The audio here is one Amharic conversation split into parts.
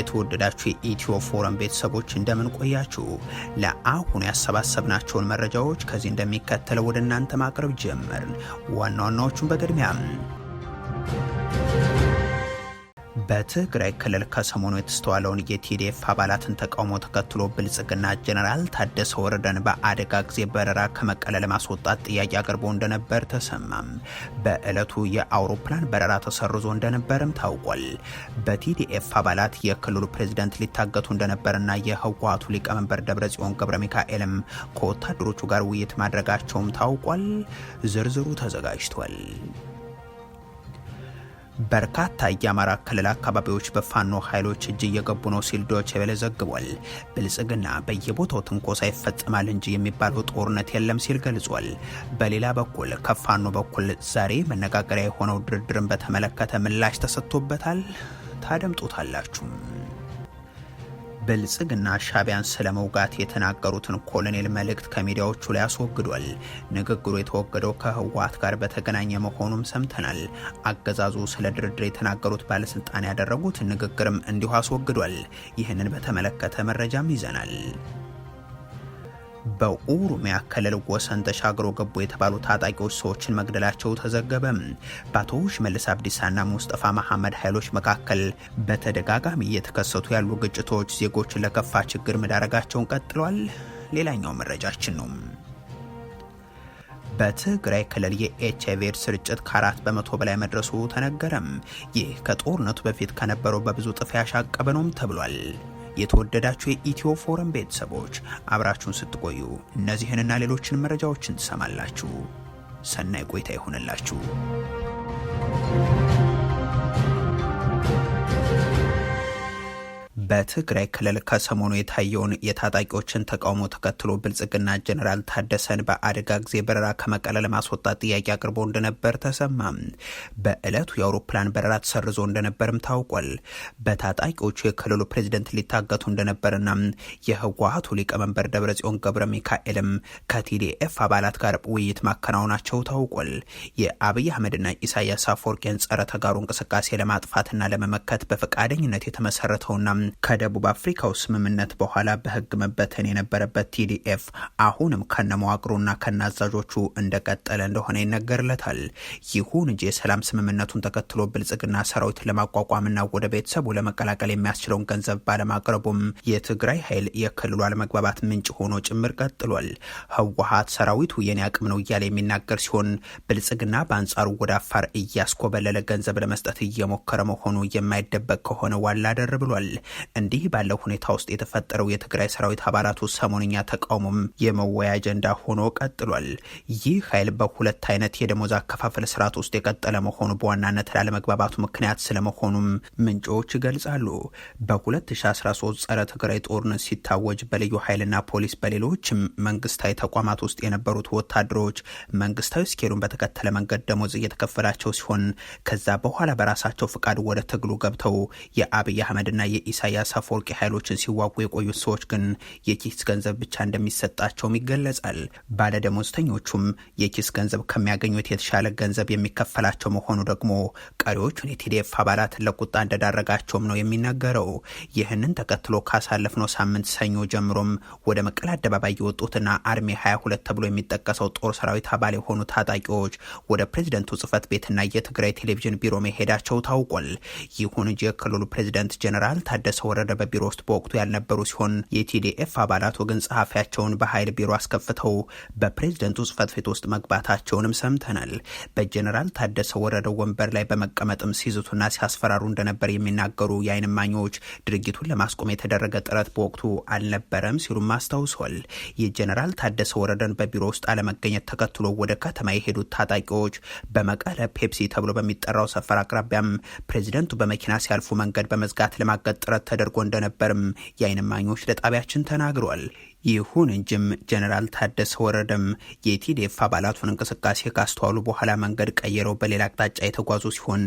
የተወደዳችሁ የኢትዮ ፎረም ቤተሰቦች እንደምን ቆያችሁ? ለአሁኑ ያሰባሰብናቸውን መረጃዎች ከዚህ እንደሚከተለው ወደ እናንተ ማቅረብ ጀመርን። ዋና ዋናዎቹን በቅድሚያ በትግራይ ክልል ከሰሞኑ የተስተዋለውን የቲዲኤፍ አባላትን ተቃውሞ ተከትሎ ብልጽግና ጀኔራል ታደሰ ወረደን በአደጋ ጊዜ በረራ ከመቀለ ለማስወጣት ጥያቄ አቅርቦ እንደነበር ተሰማም። በዕለቱ የአውሮፕላን በረራ ተሰርዞ እንደነበርም ታውቋል። በቲዲኤፍ አባላት የክልሉ ፕሬዚደንት ሊታገቱ እንደነበርና የህወሀቱ ሊቀመንበር ደብረጽዮን ገብረ ሚካኤልም ከወታደሮቹ ጋር ውይይት ማድረጋቸውም ታውቋል። ዝርዝሩ ተዘጋጅቷል። በርካታ የአማራ ክልል አካባቢዎች በፋኖ ኃይሎች እጅ እየገቡ ነው ሲል ዶይቼ ቬለ ዘግቧል። ብልጽግና በየቦታው ትንኮሳ ይፈጽማል እንጂ የሚባለው ጦርነት የለም ሲል ገልጿል። በሌላ በኩል ከፋኖ በኩል ዛሬ መነጋገሪያ የሆነው ድርድርን በተመለከተ ምላሽ ተሰጥቶበታል። ታደምጡታላችሁም። ብልጽግና ስለ መውጋት የተናገሩትን ኮሎኔል መልእክት ከሚዲያዎቹ ላይ አስወግዷል። ንግግሩ የተወገደው ከህወሓት ጋር በተገናኘ መሆኑም ሰምተናል። አገዛዙ ስለ ድርድር የተናገሩት ባለስልጣን ያደረጉት ንግግርም እንዲሁ አስወግዷል። ይህንን በተመለከተ መረጃም ይዘናል። በኦሮሚያ ክልል ወሰን ተሻግሮ ገቡ የተባሉ ታጣቂዎች ሰዎችን መግደላቸው ተዘገበ። በአቶ ሽመልስ አብዲሳና ሙስጠፋ መሐመድ ኃይሎች መካከል በተደጋጋሚ እየተከሰቱ ያሉ ግጭቶች ዜጎችን ለከፋ ችግር መዳረጋቸውን ቀጥለዋል። ሌላኛው መረጃችን ነው። በትግራይ ክልል የኤች ኤድስ ስርጭት ከአራት በመቶ በላይ መድረሱ ተነገረም። ይህ ከጦርነቱ በፊት ከነበረው በብዙ ጥፍ ያሻቀበ ነውም ተብሏል። የተወደዳችሁ የኢትዮ ፎረም ቤተሰቦች አብራችሁን ስትቆዩ እነዚህንና ሌሎችን መረጃዎችን ትሰማላችሁ። ሰናይ ቆይታ ይሆንላችሁ። በትግራይ ክልል ከሰሞኑ የታየውን የታጣቂዎችን ተቃውሞ ተከትሎ ብልጽግና ጀኔራል ታደሰን በአደጋ ጊዜ በረራ ከመቀለ ለማስወጣት ጥያቄ አቅርቦ እንደነበር ተሰማ። በዕለቱ የአውሮፕላን በረራ ተሰርዞ እንደነበርም ታውቋል። በታጣቂዎቹ የክልሉ ፕሬዚደንት ሊታገቱ እንደነበርና የህወሀቱ ሊቀመንበር ደብረጽዮን ገብረ ሚካኤልም ከቲዲኤፍ አባላት ጋር ውይይት ማከናወናቸው ታውቋል። የአብይ አህመድና ኢሳያስ አፈወርቂን ጸረ ተጋሩ እንቅስቃሴ ለማጥፋትና ለመመከት በፈቃደኝነት የተመሰረተውና ከደቡብ አፍሪካው ስምምነት በኋላ በህግ መበተን የነበረበት ቲዲኤፍ አሁንም ከነመዋቅሩና አዛዦቹ እንደቀጠለ እንደሆነ ይነገርለታል። ይሁን እንጂ የሰላም ስምምነቱን ተከትሎ ብልጽግና ሰራዊት ለማቋቋምና ወደ ቤተሰቡ ለመቀላቀል የሚያስችለውን ገንዘብ ባለማቅረቡም የትግራይ ኃይል የክልሉ አለመግባባት ምንጭ ሆኖ ጭምር ቀጥሏል። ህወሀት ሰራዊቱ የኔ አቅም ነው እያለ የሚናገር ሲሆን፣ ብልጽግና በአንጻሩ ወደ አፋር እያስኮበለለ ገንዘብ ለመስጠት እየሞከረ መሆኑ የማይደበቅ ከሆነ ዋላ አደር ብሏል። እንዲህ ባለው ሁኔታ ውስጥ የተፈጠረው የትግራይ ሰራዊት አባላቱ ሰሞንኛ ተቃውሞም የመወያ አጀንዳ ሆኖ ቀጥሏል። ይህ ኃይል በሁለት አይነት የደሞዝ አከፋፈል ስርዓት ውስጥ የቀጠለ መሆኑ በዋናነት ላለመግባባቱ ምክንያት ስለመሆኑም ምንጮች ይገልጻሉ። በ2013 ጸረ ትግራይ ጦርነት ሲታወጅ በልዩ ኃይልና ፖሊስ በሌሎችም መንግስታዊ ተቋማት ውስጥ የነበሩት ወታደሮች መንግስታዊ ስኬሉን በተከተለ መንገድ ደሞዝ እየተከፈላቸው ሲሆን ከዛ በኋላ በራሳቸው ፍቃድ ወደ ትግሉ ገብተው የአብይ አህመድና የኢሳያ። የኢሳያስ አፈወርቂ ኃይሎችን ሲዋጉ የቆዩት ሰዎች ግን የኪስ ገንዘብ ብቻ እንደሚሰጣቸውም ይገለጻል። ባለደሞዝተኞቹም የኪስ ገንዘብ ከሚያገኙት የተሻለ ገንዘብ የሚከፈላቸው መሆኑ ደግሞ ቀሪዎቹን የቲዲኤፍ አባላት ለቁጣ እንደዳረጋቸውም ነው የሚነገረው። ይህንን ተከትሎ ካሳለፍነው ሳምንት ሰኞ ጀምሮም ወደ መቀለ አደባባይ የወጡትና አርሜ 22 ተብሎ የሚጠቀሰው ጦር ሰራዊት አባል የሆኑ ታጣቂዎች ወደ ፕሬዝደንቱ ጽህፈት ቤትና የትግራይ ቴሌቪዥን ቢሮ መሄዳቸው ታውቋል። ይሁን እንጂ የክልሉ ፕሬዚደንት ጀኔራል ታደሰ ወረደ በቢሮ ውስጥ በወቅቱ ያልነበሩ ሲሆን የቲዲኤፍ አባላት ወገን ጸሐፊያቸውን በኃይል ቢሮ አስከፍተው በፕሬዝደንቱ ጽህፈት ቤት ውስጥ መግባታቸውንም ሰምተናል። በጀኔራል ታደሰ ወረደ ወንበር ላይ በመቀመጥም ሲይዙትና ሲያስፈራሩ እንደነበር የሚናገሩ የአይን እማኞች ድርጊቱን ለማስቆም የተደረገ ጥረት በወቅቱ አልነበረም ሲሉም አስታውሷል። የጀኔራል ታደሰ ወረደን በቢሮ ውስጥ አለመገኘት ተከትሎ ወደ ከተማ የሄዱት ታጣቂዎች በመቀለ ፔፕሲ ተብሎ በሚጠራው ሰፈር አቅራቢያም ፕሬዚደንቱ በመኪና ሲያልፉ መንገድ በመዝጋት ለማገድ ጥረት ተደርጎ እንደነበርም የአይን እማኞች ለጣቢያችን ተናግሯል። ይሁን እንጂም ጀነራል ታደሰ ወረደም የቲዴፍ አባላቱን እንቅስቃሴ ካስተዋሉ በኋላ መንገድ ቀይረው በሌላ አቅጣጫ የተጓዙ ሲሆን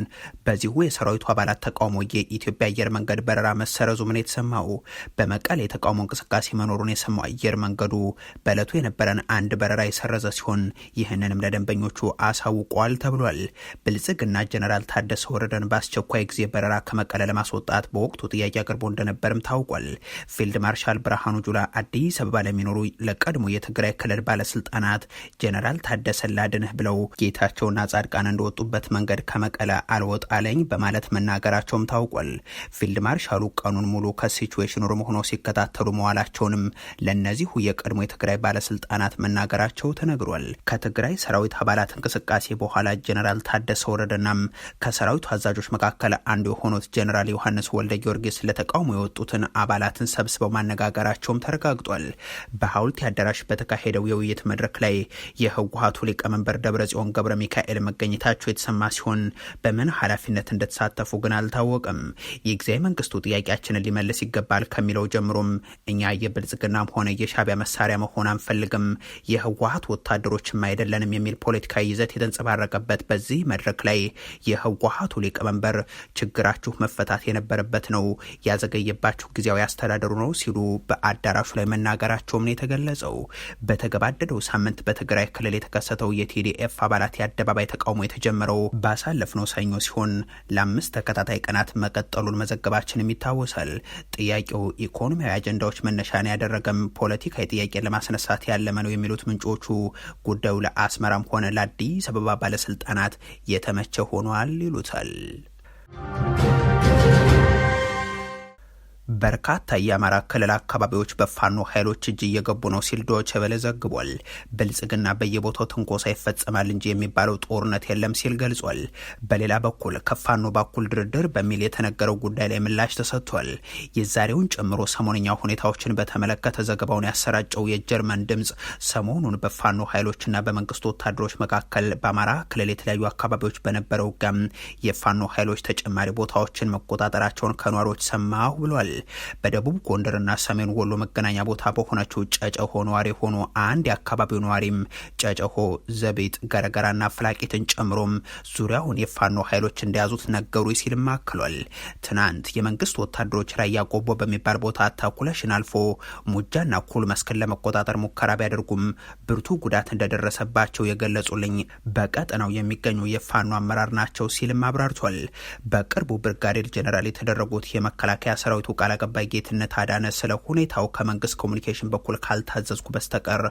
በዚሁ የሰራዊቱ አባላት ተቃውሞ የኢትዮጵያ አየር መንገድ በረራ መሰረዙ ምን የተሰማው። በመቀሌ የተቃውሞ እንቅስቃሴ መኖሩን የሰማው አየር መንገዱ በለቱ የነበረን አንድ በረራ የሰረዘ ሲሆን ይህንንም ለደንበኞቹ አሳውቋል ተብሏል። ብልጽግና ጀነራል ታደሰ ወረደን በአስቸኳይ ጊዜ በረራ ከመቀለ ለማስወጣት በወቅቱ ጥያቄ አቅርቦ እንደነበርም ታውቋል። ፊልድ ማርሻል ብርሃኑ ጁላ አዲስ አበባ ለሚኖሩ ለቀድሞ የትግራይ ክልል ባለስልጣናት ጀነራል ታደሰ ላድንህ ብለው ጌታቸውና ጻድቃን እንደወጡበት መንገድ ከመቀለ አልወጣለኝ በማለት መናገራቸውም ታውቋል። ፊልድ ማርሻሉ ቀኑን ሙሉ ከሲቹዌሽን ሩም ሆኖ ሲከታተሉ መዋላቸውንም ለእነዚሁ የቀድሞ የትግራይ ባለስልጣናት መናገራቸው ተነግሯል። ከትግራይ ሰራዊት አባላት እንቅስቃሴ በኋላ ጀነራል ታደሰ ወረደናም ከሰራዊቱ አዛዦች መካከል አንዱ የሆኑት ጀነራል ዮሐንስ ወልደ ጊዮርጊስ ለተቃውሞ የወጡትን አባላትን ሰብስበው ማነጋገራቸውም ተረጋግጧል። በሀውልት አዳራሽ በተካሄደው የውይይት መድረክ ላይ የህወሀቱ ሊቀመንበር ደብረጽዮን ገብረ ሚካኤል መገኘታቸው የተሰማ ሲሆን በምን ኃላፊነት እንደተሳተፉ ግን አልታወቅም። የጊዜያዊ መንግስቱ ጥያቄያችንን ሊመልስ ይገባል ከሚለው ጀምሮም እኛ የብልጽግናም ሆነ የሻቢያ መሳሪያ መሆን አንፈልግም፣ የህወሀት ወታደሮችም አይደለንም የሚል ፖለቲካዊ ይዘት የተንጸባረቀበት በዚህ መድረክ ላይ የህወሀቱ ሊቀመንበር ችግራችሁ መፈታት የነበረበት ነው ያዘገየባችሁ ጊዜያዊ አስተዳደሩ ነው ሲሉ በአዳራሹ ላይ መናገር መናገራቸውም ነው የተገለጸው። በተገባደደው ሳምንት በትግራይ ክልል የተከሰተው የቲዲኤፍ አባላት የአደባባይ ተቃውሞ የተጀመረው ባሳለፍነው ሰኞ ሲሆን ለአምስት ተከታታይ ቀናት መቀጠሉን መዘገባችንም ይታወሳል። ጥያቄው ኢኮኖሚያዊ አጀንዳዎች መነሻን ያደረገም ፖለቲካዊ ጥያቄ ለማስነሳት ያለመ ነው የሚሉት ምንጮቹ ጉዳዩ ለአስመራም ሆነ ለአዲስ አበባ ባለስልጣናት የተመቸ ሆኗል ይሉታል። በርካታ የአማራ ክልል አካባቢዎች በፋኖ ኃይሎች እጅ እየገቡ ነው ሲል ዶይቼ ዘግቧል። ብልጽግና በየቦታው ትንኮሳ ይፈጸማል እንጂ የሚባለው ጦርነት የለም ሲል ገልጿል። በሌላ በኩል ከፋኖ በኩል ድርድር በሚል የተነገረው ጉዳይ ላይ ምላሽ ተሰጥቷል። የዛሬውን ጨምሮ ሰሞንኛ ሁኔታዎችን በተመለከተ ዘገባውን ያሰራጨው የጀርመን ድምፅ ሰሞኑን በፋኖ ኃይሎችና በመንግስት ወታደሮች መካከል በአማራ ክልል የተለያዩ አካባቢዎች በነበረው ጋም የፋኖ ኃይሎች ተጨማሪ ቦታዎችን መቆጣጠራቸውን ከኗሪዎች ሰማሁ ብሏል። በደቡብ ጎንደርና ሰሜን ወሎ መገናኛ ቦታ በሆነችው ጨጨሆ ነዋሪ ሆኖ አንድ የአካባቢው ነዋሪም ጨጨሆ ዘቤጥ ገረገራና ፍላቂትን ጨምሮም ዙሪያውን የፋኖ ኃይሎች እንደያዙት ነገሩ ሲል ማክሏል። ትናንት የመንግስት ወታደሮች ራያ ቆቦ በሚባል ቦታ ተኩለሽን አልፎ ሙጃና ኩል መስክን ለመቆጣጠር ሙከራ ቢያደርጉም ብርቱ ጉዳት እንደደረሰባቸው የገለጹልኝ በቀጠናው የሚገኙ የፋኖ አመራር ናቸው ሲልም አብራርቷል። በቅርቡ ብርጋዴር ጀነራል የተደረጉት የመከላከያ ሰራዊቱ ቃል አቀባይ ጌትነት አዳነ ስለ ሁኔታው ከመንግስት ኮሚኒኬሽን በኩል ካልታዘዝኩ በስተቀር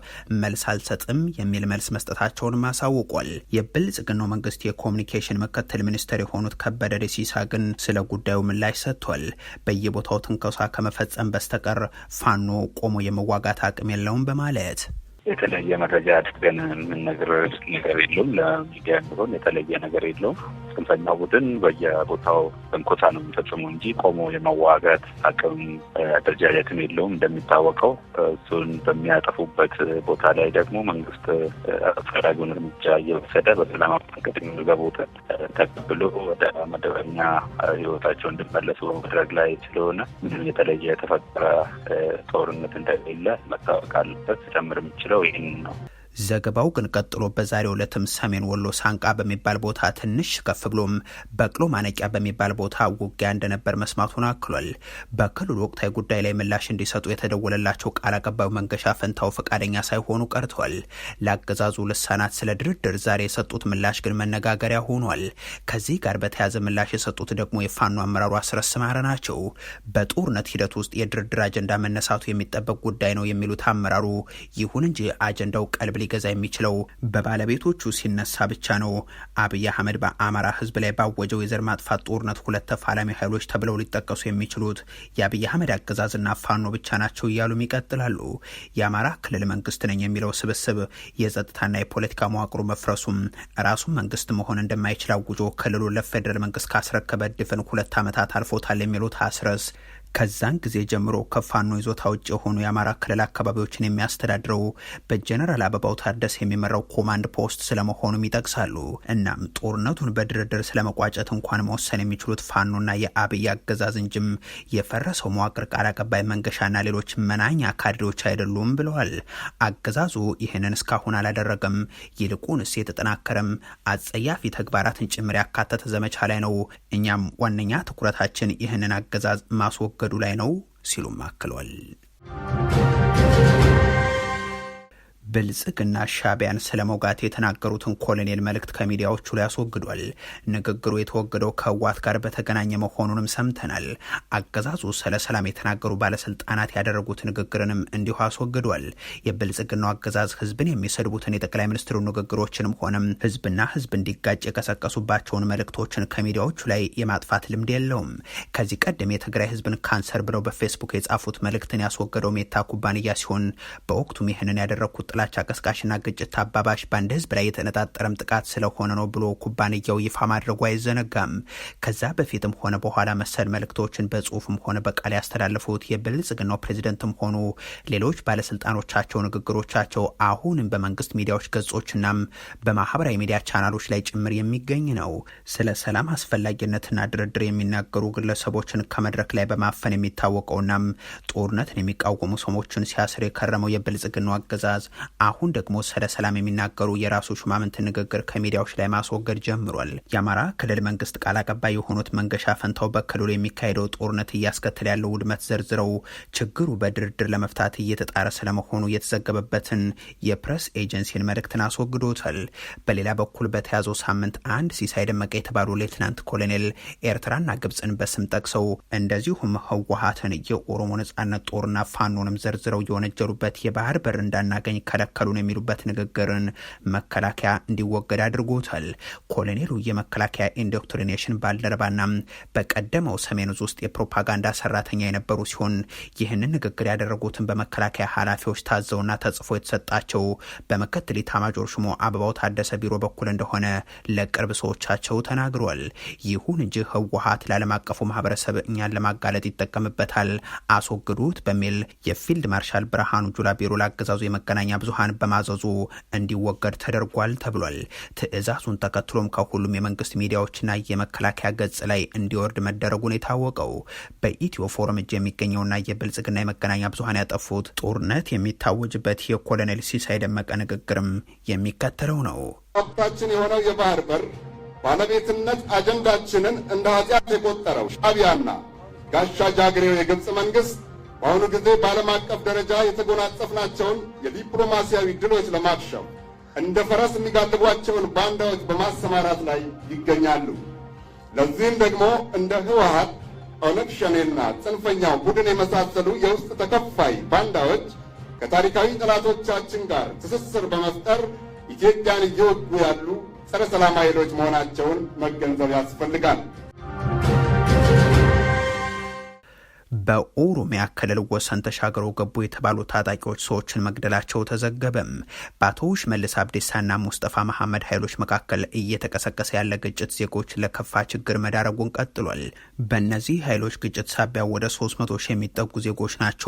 መልስ አልሰጥም የሚል መልስ መስጠታቸውንም አሳውቋል። የብልጽግናው መንግስት የኮሚኒኬሽን ምክትል ሚኒስትር የሆኑት ከበደ ደሲሳ ግን ስለ ጉዳዩ ምላሽ ሰጥቷል። በየቦታው ትንከሳ ከመፈጸም በስተቀር ፋኖ ቆሞ የመዋጋት አቅም የለውም በማለት የተለየ መረጃ አድርገን የምንነግር ነገር የለውም። ለሚዲያ የሚሆን የተለየ ነገር የለውም። ጽንፈኛው ቡድን በየቦታው ተንኮሳ ነው የሚፈጽሙ እንጂ ቆሞ የመዋጋት አቅም አደረጃጀትም የለውም። እንደሚታወቀው እሱን በሚያጠፉበት ቦታ ላይ ደግሞ መንግስት አስፈላጊውን እርምጃ እየወሰደ በሰላም መንገድ የሚገቡትን ተቀብሎ ወደ መደበኛ ህይወታቸው እንድመለሱ በማድረግ ላይ ስለሆነ ምንም የተለየ የተፈጠረ ጦርነት እንደሌለ መታወቅ አለበት። ጨምር የሚችለው 罗宾。ዘገባው ግን ቀጥሎ በዛሬው ዕለትም ሰሜን ወሎ ሳንቃ በሚባል ቦታ ትንሽ ከፍ ብሎም በቅሎ ማነቂያ በሚባል ቦታ ውጊያ እንደነበር መስማቱን አክሏል። በክልሉ ወቅታዊ ጉዳይ ላይ ምላሽ እንዲሰጡ የተደወለላቸው ቃል አቀባዩ መንገሻ ፈንታው ፈቃደኛ ሳይሆኑ ቀርተዋል። ለአገዛዙ ልሳናት ስለ ድርድር ዛሬ የሰጡት ምላሽ ግን መነጋገሪያ ሆኗል። ከዚህ ጋር በተያያዘ ምላሽ የሰጡት ደግሞ የፋኖ አመራሩ አስረስ ማረ ናቸው። በጦርነት ሂደት ውስጥ የድርድር አጀንዳ መነሳቱ የሚጠበቅ ጉዳይ ነው የሚሉት አመራሩ ይሁን እንጂ አጀንዳው ቀልብ ሊገዛ የሚችለው በባለቤቶቹ ሲነሳ ብቻ ነው። አብይ አህመድ በአማራ ህዝብ ላይ ባወጀው የዘር ማጥፋት ጦርነት ሁለት ተፋላሚ ኃይሎች ተብለው ሊጠቀሱ የሚችሉት የአብይ አህመድ አገዛዝና ፋኖ ብቻ ናቸው እያሉም ይቀጥላሉ። የአማራ ክልል መንግስት ነኝ የሚለው ስብስብ የጸጥታና የፖለቲካ መዋቅሩ መፍረሱም ራሱን መንግስት መሆን እንደማይችል አውጆ ክልሉ ለፌደራል መንግስት ካስረከበ ድፍን ሁለት ዓመታት አልፎታል የሚሉት አስረስ ከዛን ጊዜ ጀምሮ ከፋኖ ይዞታ ውጭ የሆኑ የአማራ ክልል አካባቢዎችን የሚያስተዳድረው በጀነራል አበባው ታደሰ የሚመራው ኮማንድ ፖስት ስለመሆኑም ይጠቅሳሉ። እናም ጦርነቱን በድርድር ስለመቋጨት እንኳን መወሰን የሚችሉት ፋኖና የአብይ አገዛዝ እንጂም የፈረሰው መዋቅር ቃል አቀባይ መንገሻና ሌሎች መናኛ ካድሬዎች አይደሉም ብለዋል። አገዛዙ ይህንን እስካሁን አላደረገም፣ ይልቁንስ የተጠናከረም አጸያፊ ተግባራትን ጭምር ያካተተ ዘመቻ ላይ ነው። እኛም ዋነኛ ትኩረታችን ይህንን አገዛዝ ማስወገ ማስወገዱ ላይ ነው ሲሉም አክሏል። ብልጽግና ሻቢያን ስለ መውጋት የተናገሩትን ኮሎኔል መልእክት ከሚዲያዎቹ ላይ አስወግዷል። ንግግሩ የተወገደው ከህወሓት ጋር በተገናኘ መሆኑንም ሰምተናል። አገዛዙ ስለ ሰላም የተናገሩ ባለስልጣናት ያደረጉት ንግግርንም እንዲሁ አስወግዷል። የብልጽግናው አገዛዝ ህዝብን የሚሰድቡትን የጠቅላይ ሚኒስትሩ ንግግሮችንም ሆነም ህዝብና ህዝብ እንዲጋጭ የቀሰቀሱባቸውን መልእክቶችን ከሚዲያዎቹ ላይ የማጥፋት ልምድ የለውም። ከዚህ ቀደም የትግራይ ህዝብን ካንሰር ብለው በፌስቡክ የጻፉት መልእክትን ያስወገደው ሜታ ኩባንያ ሲሆን በወቅቱም ይህንን ያደረግኩት የጥላቻ ቀስቃሽና ግጭት አባባሽ በአንድ ህዝብ ላይ የተነጣጠረም ጥቃት ስለሆነ ነው ብሎ ኩባንያው ይፋ ማድረጉ አይዘነጋም። ከዛ በፊትም ሆነ በኋላ መሰል መልእክቶችን በጽሁፍም ሆነ በቃል ያስተላለፉት የብልጽግናው ፕሬዚደንትም ሆኑ ሌሎች ባለስልጣኖቻቸው ንግግሮቻቸው አሁንም በመንግስት ሚዲያዎች ገጾችናም በማህበራዊ ሚዲያ ቻናሎች ላይ ጭምር የሚገኝ ነው። ስለ ሰላም አስፈላጊነትና ድርድር የሚናገሩ ግለሰቦችን ከመድረክ ላይ በማፈን የሚታወቀውናም ጦርነትን የሚቃወሙ ሰሞችን ሲያስር የከረመው የብልጽግናው አገዛዝ አሁን ደግሞ ስለ ሰላም የሚናገሩ የራሱ ሹማምንት ንግግር ከሚዲያዎች ላይ ማስወገድ ጀምሯል። የአማራ ክልል መንግስት ቃል አቀባይ የሆኑት መንገሻ ፈንታው በክልሉ የሚካሄደው ጦርነት እያስከተለ ያለው ውድመት ዘርዝረው ችግሩ በድርድር ለመፍታት እየተጣረ ስለመሆኑ የተዘገበበትን የፕሬስ ኤጀንሲን መልእክትን አስወግዶታል። በሌላ በኩል በተያዘው ሳምንት አንድ ሲሳይ ደመቀ የተባሉ ሌትናንት ኮሎኔል ኤርትራና ግብፅን በስም ጠቅሰው እንደዚሁም ህወሀትን የኦሮሞ ነጻነት ጦርና ፋኖንም ዘርዝረው የወነጀሉበት የባህር በር እንዳናገኝ ከ ከለከሉን የሚሉበት ንግግርን መከላከያ እንዲወገድ አድርጎታል። ኮሎኔሉ የመከላከያ ኢንዶክትሪኔሽን ባልደረባና በቀደመው ሰሜን ውስጥ የፕሮፓጋንዳ ሰራተኛ የነበሩ ሲሆን ይህንን ንግግር ያደረጉትን በመከላከያ ኃላፊዎች ታዘውና ተጽፎ የተሰጣቸው በምክትል ኢታማዦር ሹሙ አበባው ታደሰ ቢሮ በኩል እንደሆነ ለቅርብ ሰዎቻቸው ተናግሯል። ይሁን እንጂ ህወሀት ለዓለም አቀፉ ማህበረሰብ እኛን ለማጋለጥ ይጠቀምበታል አስወግዱት በሚል የፊልድ ማርሻል ብርሃኑ ጁላ ቢሮ ለአገዛዙ የመገናኛ ብዙሀን በማዘዙ እንዲወገድ ተደርጓል ተብሏል። ትዕዛዙን ተከትሎም ከሁሉም የመንግስት ሚዲያዎችና የመከላከያ ገጽ ላይ እንዲወርድ መደረጉን የታወቀው በኢትዮ ፎረም እጅ የሚገኘውና የብልጽግና የመገናኛ ብዙሀን ያጠፉት ጦርነት የሚታወጅበት የኮሎኔል ሲሳይ ደመቀ ንግግርም የሚከተለው ነው። ወቅታችን የሆነው የባህር በር ባለቤትነት አጀንዳችንን እንደ ኃጢአት የቆጠረው ሻቢያና ጋሻ ጃግሬው የግብፅ መንግስት በአሁኑ ጊዜ በዓለም አቀፍ ደረጃ የተጎናጸፍናቸውን የዲፕሎማሲያዊ ድሎች ለማክሸፍ እንደ ፈረስ የሚጋልቧቸውን ባንዳዎች በማሰማራት ላይ ይገኛሉ። ለዚህም ደግሞ እንደ ህወሀት፣ ኦነግ ሸኔና ጽንፈኛው ቡድን የመሳሰሉ የውስጥ ተከፋይ ባንዳዎች ከታሪካዊ ጠላቶቻችን ጋር ትስስር በመፍጠር ኢትዮጵያን እየወጉ ያሉ ጸረ ሰላም ኃይሎች መሆናቸውን መገንዘብ ያስፈልጋል። በኦሮሚያ ክልል ወሰን ተሻግረው ገቡ የተባሉ ታጣቂዎች ሰዎችን መግደላቸው ተዘገበም። በአቶ ሽመልስ አብዲሳና ሙስጠፋ መሐመድ ኃይሎች መካከል እየተቀሰቀሰ ያለ ግጭት ዜጎች ለከፋ ችግር መዳረጉን ቀጥሏል። በእነዚህ ኃይሎች ግጭት ሳቢያ ወደ 300 ሺህ የሚጠጉ ዜጎች ናቸው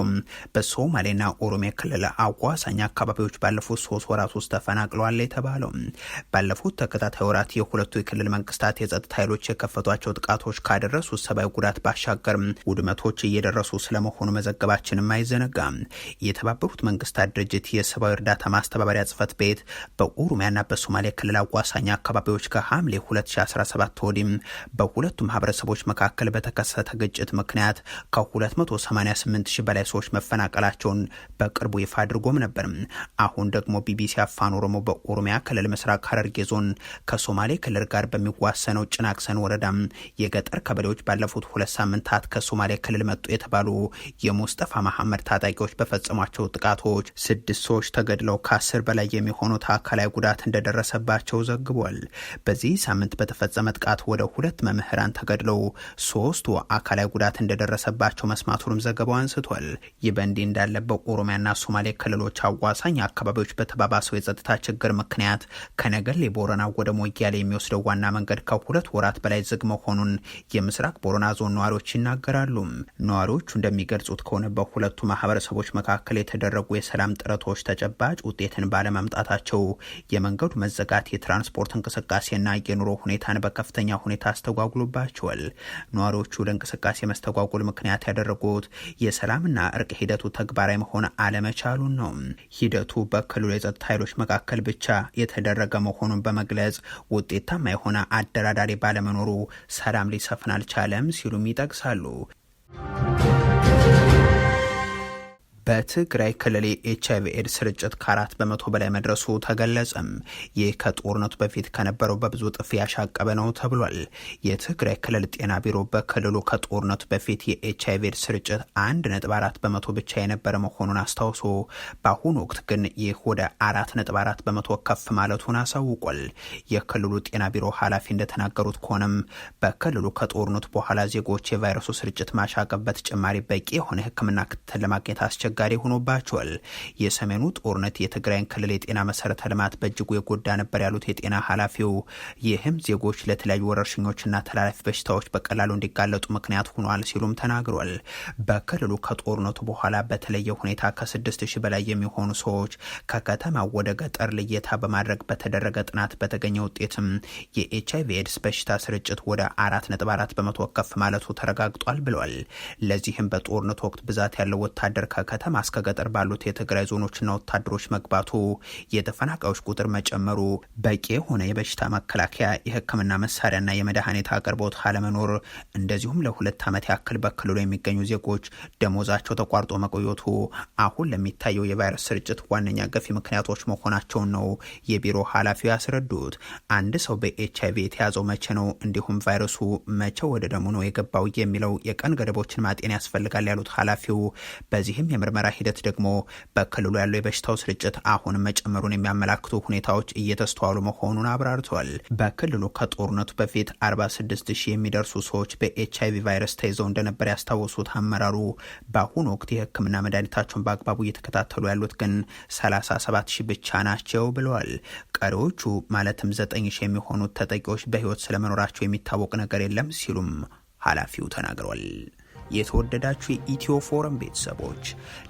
በሶማሌና ኦሮሚያ ክልል አዋሳኝ አካባቢዎች ባለፉት ሶስት ወራት ውስጥ ተፈናቅለዋል የተባለው ባለፉት ተከታታይ ወራት የሁለቱ የክልል መንግስታት የጸጥታ ኃይሎች የከፈቷቸው ጥቃቶች ካደረሱት ሰብአዊ ጉዳት ባሻገር ውድመቶች እየደረሱ ስለመሆኑ መዘገባችንም አይዘነጋም። የተባበሩት መንግስታት ድርጅት የሰብአዊ እርዳታ ማስተባበሪያ ጽህፈት ቤት በኦሮሚያና በሶማሌ ክልል አዋሳኝ አካባቢዎች ከሐምሌ 2017 ወዲህ በሁለቱ ማህበረሰቦች መካከል በተከሰተ ግጭት ምክንያት ከ288 ሺህ በላይ ሰዎች መፈናቀላቸውን በቅርቡ ይፋ አድርጎም ነበር። አሁን ደግሞ ቢቢሲ አፋን ኦሮሞ በኦሮሚያ ክልል ምስራቅ ሐረርጌ ዞን ከሶማሌ ክልል ጋር በሚዋሰነው ጭናክሰን ወረዳ የገጠር ቀበሌዎች ባለፉት ሁለት ሳምንታት ከሶማሌ ክልል መ መጡ የተባሉ የሙስጠፋ መሐመድ ታጣቂዎች በፈጸሟቸው ጥቃቶች ስድስት ሰዎች ተገድለው ከአስር በላይ የሚሆኑት አካላዊ ጉዳት እንደደረሰባቸው ዘግቧል። በዚህ ሳምንት በተፈጸመ ጥቃት ወደ ሁለት መምህራን ተገድለው ሶስቱ አካላዊ ጉዳት እንደደረሰባቸው መስማቱንም ዘገባው አንስቷል። ይህ በእንዲህ እንዳለ በኦሮሚያና ሶማሌ ክልሎች አዋሳኝ አካባቢዎች በተባባሰው የጸጥታ ችግር ምክንያት ከነገሌ ቦረና ወደ ሞያሌ የሚወስደው ዋና መንገድ ከሁለት ወራት በላይ ዝግ መሆኑን የምስራቅ ቦረና ዞን ነዋሪዎች ይናገራሉ። ነዋሪዎቹ እንደሚገልጹት ከሆነ በሁለቱ ማህበረሰቦች መካከል የተደረጉ የሰላም ጥረቶች ተጨባጭ ውጤትን ባለማምጣታቸው የመንገዱ መዘጋት የትራንስፖርት እንቅስቃሴና የኑሮ ሁኔታን በከፍተኛ ሁኔታ አስተጓጉሎባቸዋል። ነዋሪዎቹ ለእንቅስቃሴ መስተጓጎል ምክንያት ያደረጉት የሰላምና እርቅ ሂደቱ ተግባራዊ መሆን አለመቻሉን ነው። ሂደቱ በክልሉ የጸጥታ ኃይሎች መካከል ብቻ የተደረገ መሆኑን በመግለጽ ውጤታማ የሆነ አደራዳሪ ባለመኖሩ ሰላም ሊሰፍን አልቻለም ሲሉም ይጠቅሳሉ። Thank you. በትግራይ ክልል የኤች አይቪ ኤድስ ስርጭት ከአራት በመቶ በላይ መድረሱ ተገለጸም። ይህ ከጦርነቱ በፊት ከነበረው በብዙ ጥፍ ያሻቀበ ነው ተብሏል። የትግራይ ክልል ጤና ቢሮ በክልሉ ከጦርነቱ በፊት የኤች አይቪ ኤድስ ስርጭት አንድ ነጥብ አራት በመቶ ብቻ የነበረ መሆኑን አስታውሶ በአሁኑ ወቅት ግን ይህ ወደ አራት ነጥብ አራት በመቶ ከፍ ማለቱን አሳውቋል። የክልሉ ጤና ቢሮ ኃላፊ እንደተናገሩት ከሆነም በክልሉ ከጦርነቱ በኋላ ዜጎች የቫይረሱ ስርጭት ማሻቀብ በተጨማሪ በቂ የሆነ ሕክምና ክትትል ለማግኘት አስቸግ አስቸጋሪ ሆኖባቸዋል። የሰሜኑ ጦርነት የትግራይን ክልል የጤና መሰረተ ልማት በእጅጉ የጎዳ ነበር ያሉት የጤና ኃላፊው ይህም ዜጎች ለተለያዩ ወረርሽኞችና ተላላፊ በሽታዎች በቀላሉ እንዲጋለጡ ምክንያት ሆኗል ሲሉም ተናግሯል። በክልሉ ከጦርነቱ በኋላ በተለየ ሁኔታ ከስድስት ሺህ በላይ የሚሆኑ ሰዎች ከከተማ ወደ ገጠር ልየታ በማድረግ በተደረገ ጥናት በተገኘ ውጤትም የኤች አይቪ ኤድስ በሽታ ስርጭት ወደ አራት ነጥብ አራት በመቶ ከፍ ማለቱ ተረጋግጧል ብሏል። ለዚህም በጦርነቱ ወቅት ብዛት ያለው ወታደር ከከተ ከከተማ እስከ ገጠር ባሉት የትግራይ ዞኖችና ወታደሮች መግባቱ፣ የተፈናቃዮች ቁጥር መጨመሩ፣ በቂ የሆነ የበሽታ መከላከያ የሕክምና መሳሪያና የመድኃኒት አቅርቦት አለመኖር፣ እንደዚሁም ለሁለት ዓመት ያክል በክልሉ የሚገኙ ዜጎች ደሞዛቸው ተቋርጦ መቆየቱ አሁን ለሚታየው የቫይረስ ስርጭት ዋነኛ ገፊ ምክንያቶች መሆናቸውን ነው የቢሮ ኃላፊው ያስረዱት። አንድ ሰው በኤች የተያዘው መቼ ነው፣ እንዲሁም ቫይረሱ መቼ ወደ ደሙ ነው የገባው የሚለው የቀን ገደቦችን ማጤን ያስፈልጋል ያሉት ኃላፊው በዚህም የምር የምርመራ ሂደት ደግሞ በክልሉ ያለው የበሽታው ስርጭት አሁንም መጨመሩን የሚያመላክቱ ሁኔታዎች እየተስተዋሉ መሆኑን አብራርተዋል። በክልሉ ከጦርነቱ በፊት 46 ሺህ የሚደርሱ ሰዎች በኤች አይቪ ቫይረስ ተይዘው እንደነበር ያስታወሱት አመራሩ በአሁኑ ወቅት የሕክምና መድኃኒታቸውን በአግባቡ እየተከታተሉ ያሉት ግን 37 ሺህ ብቻ ናቸው ብለዋል። ቀሪዎቹ ማለትም 9 የሚሆኑት ተጠቂዎች በህይወት ስለመኖራቸው የሚታወቅ ነገር የለም ሲሉም ኃላፊው ተናግሯል። የተወደዳችሁ የኢትዮ ፎረም ቤተሰቦች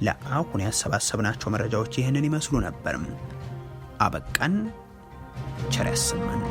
ለአሁን ያሰባሰብናቸው መረጃዎች ይህንን ይመስሉ ነበርም። አበቃን። ቸር ያሰማን።